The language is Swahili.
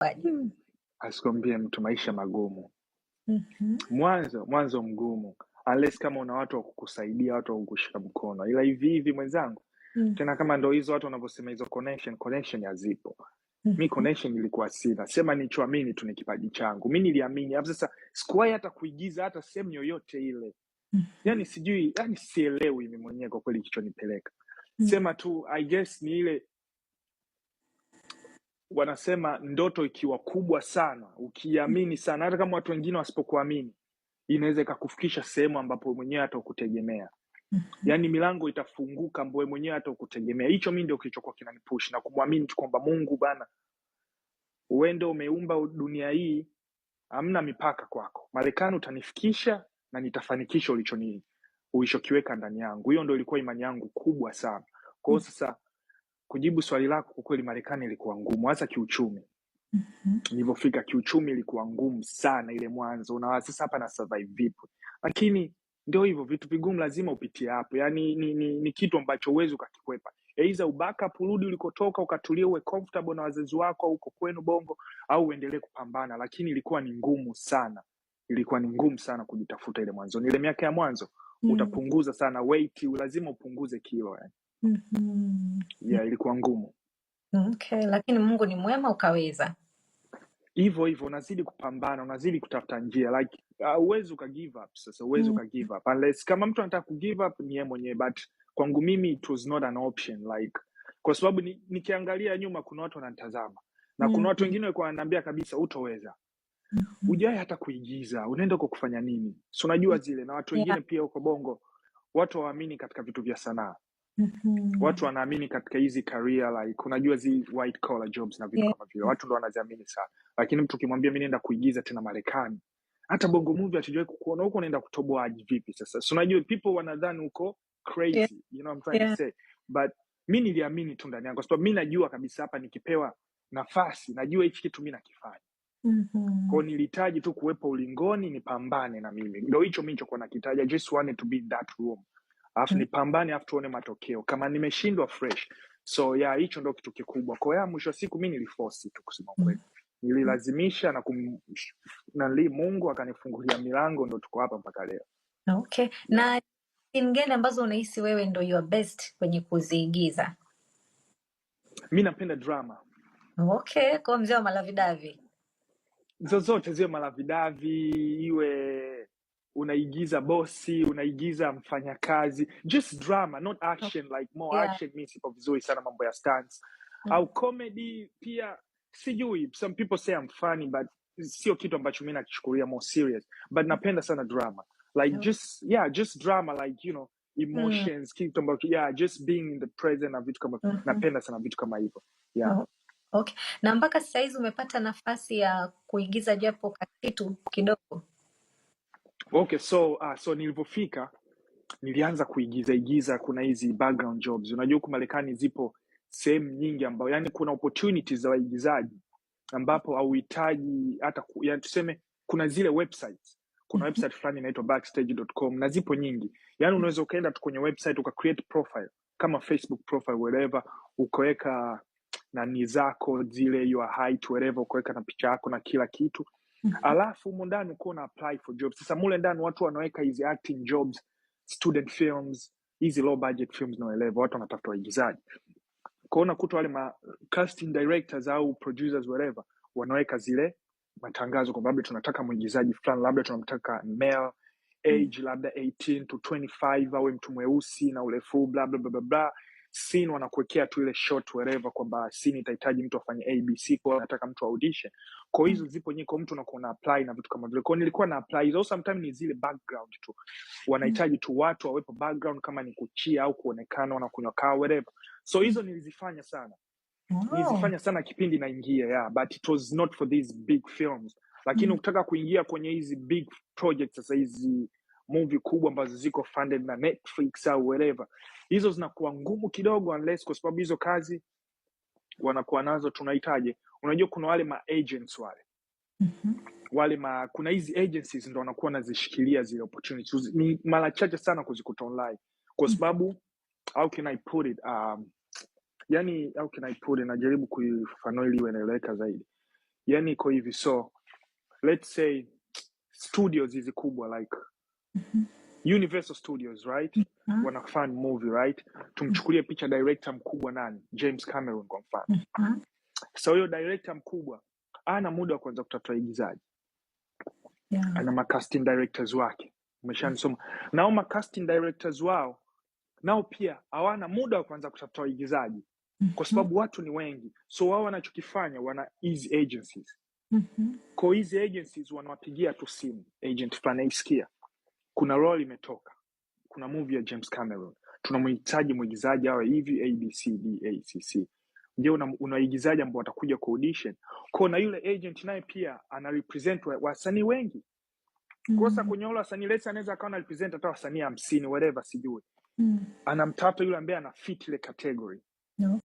Hmm. Kwaje? mtu maisha magumu. Mhm. Mwanzo mwanzo mgumu unless kama una watu wakukusaidia watu wakukushika mkono, ila hivi hivi mwenzangu, Mm. tena kama ndo hizo watu wanavyosema hizo connection, connection hazipo. Mi mm-hmm. connection ilikuwa sina, sema nichoamini tu ni kipaji changu, mi niliamini. au sasa sikuwai hata kuigiza hata sehemu yoyote ile, mm-hmm. yani sijui, yani sielewi mi mwenyewe kwa kweli kichonipeleka mm. Sema tu I guess ni ile wanasema ndoto ikiwa kubwa sana, ukiamini sana, hata kama watu wengine wasipokuamini, inaweza ikakufikisha sehemu ambapo mwenyewe hata ukutegemea mhm. yaani milango itafunguka ambayo mwenyewe hata ukutegemea. Hicho mi ndio kilichokuwa kinanipush na kumwamini tu kwamba Mungu bana, wewe umeumba dunia hii, hamna mipaka kwako. Marekani utanifikisha na nitafanikisha ulichoni ulichokiweka ndani yangu. Hiyo ndo ilikuwa imani yangu kubwa sana. kwao mm. sasa mm-hmm kujibu swali lako, kwa kweli Marekani ilikuwa ngumu, hasa kiuchumi. mm -hmm. kiuchumi ilikuwa ngumu sana ile mwanzo, unawaza sasa hapa na survive vipi? Lakini ndio hivyo, vitu vigumu lazima upitie hapo, yani ni, ni, ni kitu ambacho huwezi ukakikwepa. Aidha ubaka purudi ulikotoka, ukatulia, uwe comfortable na wazazi wako au uko kwenu Bongo, au uendelee kupambana, lakini ilikuwa ni ngumu sana, ilikuwa ni ngumu sana kujitafuta ile mwanzo, ile miaka ya mwanzo mm. Utapunguza sana weight, lazima upunguze kilo yani. -hmm. Yeah, ilikuwa ngumu. Okay, lakini Mungu ni mwema ukaweza. Hivyo hivyo unazidi kupambana, unazidi kutafuta njia like uh, huwezi uka give up. Sasa huwezi Mm. uka give mm-hmm. unless kama mtu anataka ku give up ni mwenyewe, but kwangu mimi it was not an option like, kwa sababu nikiangalia ni, nyuma kuna watu wanantazama na kuna watu wengine walikuwa wananiambia kabisa utoweza Mhm. ujawai hata kuigiza, unaenda huko kufanya nini? Si unajua mm-hmm. zile na watu wengine Yeah. pia huko Bongo watu hawaamini katika vitu vya sanaa mm -hmm. Watu wanaamini katika hizi career like unajua zi white collar jobs na vitu yeah. kama vile watu ndo wanaziamini sana, lakini mtu ukimwambia mi naenda kuigiza tena Marekani, hata bongo movie hatujawahi kukuona huko, unaenda kutoboa aji vipi sasa? So unajua people wanadhani huko crazy yeah. you know I'm trying yeah. to say but mi niliamini tu ndani yangu, kwa sababu mi najua kabisa hapa nikipewa nafasi najua hichi kitu mi nakifanya. Mm -hmm. Kwao nilihitaji tu kuwepo ulingoni, nipambane na mimi. Ndo hicho mi nichokuwa nakitaja, just wanted to be in that room alafu mm nipambane alafu tuone matokeo kama nimeshindwa fresh so ya hicho ndo kitu kikubwa kwa ya mwisho wa siku mi nilifosi tu kusema mm. kweli nililazimisha na kum, nali mungu akanifungulia milango ndo tuko hapa mpaka leo okay na ngeni ambazo unahisi wewe ndo your best kwenye kuziigiza mi napenda drama okay kwao mzee wa malavidavi zozote ziwe malavidavi iwe unaigiza bosi unaigiza mfanyakazi just drama not action like more yeah. action means iko vizuri sana mambo ya stance mm. au comedy pia sijui some people say I'm funny but sio kitu ambacho mi nakichukulia more serious but napenda sana drama like yeah. just yeah just drama like you know emotions mm. kitu ambacho yeah just being in the present na vitu kama mm-hmm. napenda sana vitu kama hivyo yeah mm. okay na mpaka sasa hizi umepata nafasi ya kuigiza japo kakitu kidogo Okay, so uh, so nilipofika nilianza kuigiza igiza, kuna hizi background jobs. Unajua huku Marekani zipo sehemu nyingi ambao, yani, kuna opportunities za waigizaji ambapo hauhitaji hata ku, yani tuseme kuna zile websites kuna mhm. website fulani inaitwa backstage.com na zipo nyingi, yani unaweza ukaenda tu kwenye website uka create profile kama Facebook profile wherever, ukaweka nani zako zile your height wherever, ukaweka na picha yako na kila kitu Mm-hmm. alafu humu ndani ukuwa na apply for jobs. Sasa mule ndani watu wanaweka hizi acting jobs, student films, hizi low budget films naelewa, watu wanatafuta waigizaji kwao, unakuta wale ma casting directors au producers whatever wanaweka zile matangazo kwamba labda tunataka mwigizaji fulani, labda tunamtaka male mm. age mm. labda 18 to 25 awe mtu mweusi na urefu bla bla bla bla Scene wanakuwekea tu ile shot wherever kwamba scene itahitaji mtu afanye ABC kwa anataka mtu audition. Kwa hizo mm. zipo nyingi kwa mtu unakuwa una apply na vitu kama vile. Kwa nilikuwa na apply hizo sometimes ni zile background tu. Wanahitaji mm. tu watu wawepo background kama ni kuchia au kuonekana wanakunywa kaa wherever. So hizo mm. nilizifanya sana. Wow. Nilizifanya sana kipindi naingia yeah, but it was not for these big films. Lakini mm. ukitaka kuingia kwenye hizi big projects sasa hizi movie kubwa ambazo ziko funded na Netflix au whatever hizo zinakuwa ngumu kidogo, unless kwa sababu hizo kazi wanakuwa nazo tunahitaji. Unajua, kuna wale ma agents wale mm -hmm wale ma, kuna hizi agencies ndo wanakuwa nazishikilia zile opportunities. Ni mara chache sana kuzikuta online kwa mm-hmm. sababu how can I put it, um, yani how can I put it, najaribu kuifanua ili ieleweka zaidi. Yani iko hivi, so let's say studios hizi kubwa like Mm-hmm. Universal Studios right, mm-hmm. wanafan movie right, tumchukulie picha director mkubwa nani, James Cameron kwa mfano mm-hmm. Sasa huyo director mkubwa ana muda wa kuanza kutafuta waigizaji yeah. Ana macasting directors wake, umeshansoma mm-hmm. nao macasting directors wao nao pia hawana muda wa kuanza kutafuta waigizaji kwa mm-hmm. sababu watu ni wengi, so wao wanachokifanya wana easy agencies. Mm-hmm. Kwa hizi agencies wanawapigia tu simu agent fulani, isikia kuna role imetoka, kuna movie ya James Cameron, tunamhitaji mwigizaji awe hivi abcdacc. Je, unawaigizaji una ambao watakuja kwa audition ko na yule agent naye pia ana represent wasanii wengi kosa mm -hmm. kwenye ule wasanii lesi anaweza akawa na represent hata wasanii hamsini whatever, sijui mm -hmm. yule ambaye ana fit ile category no.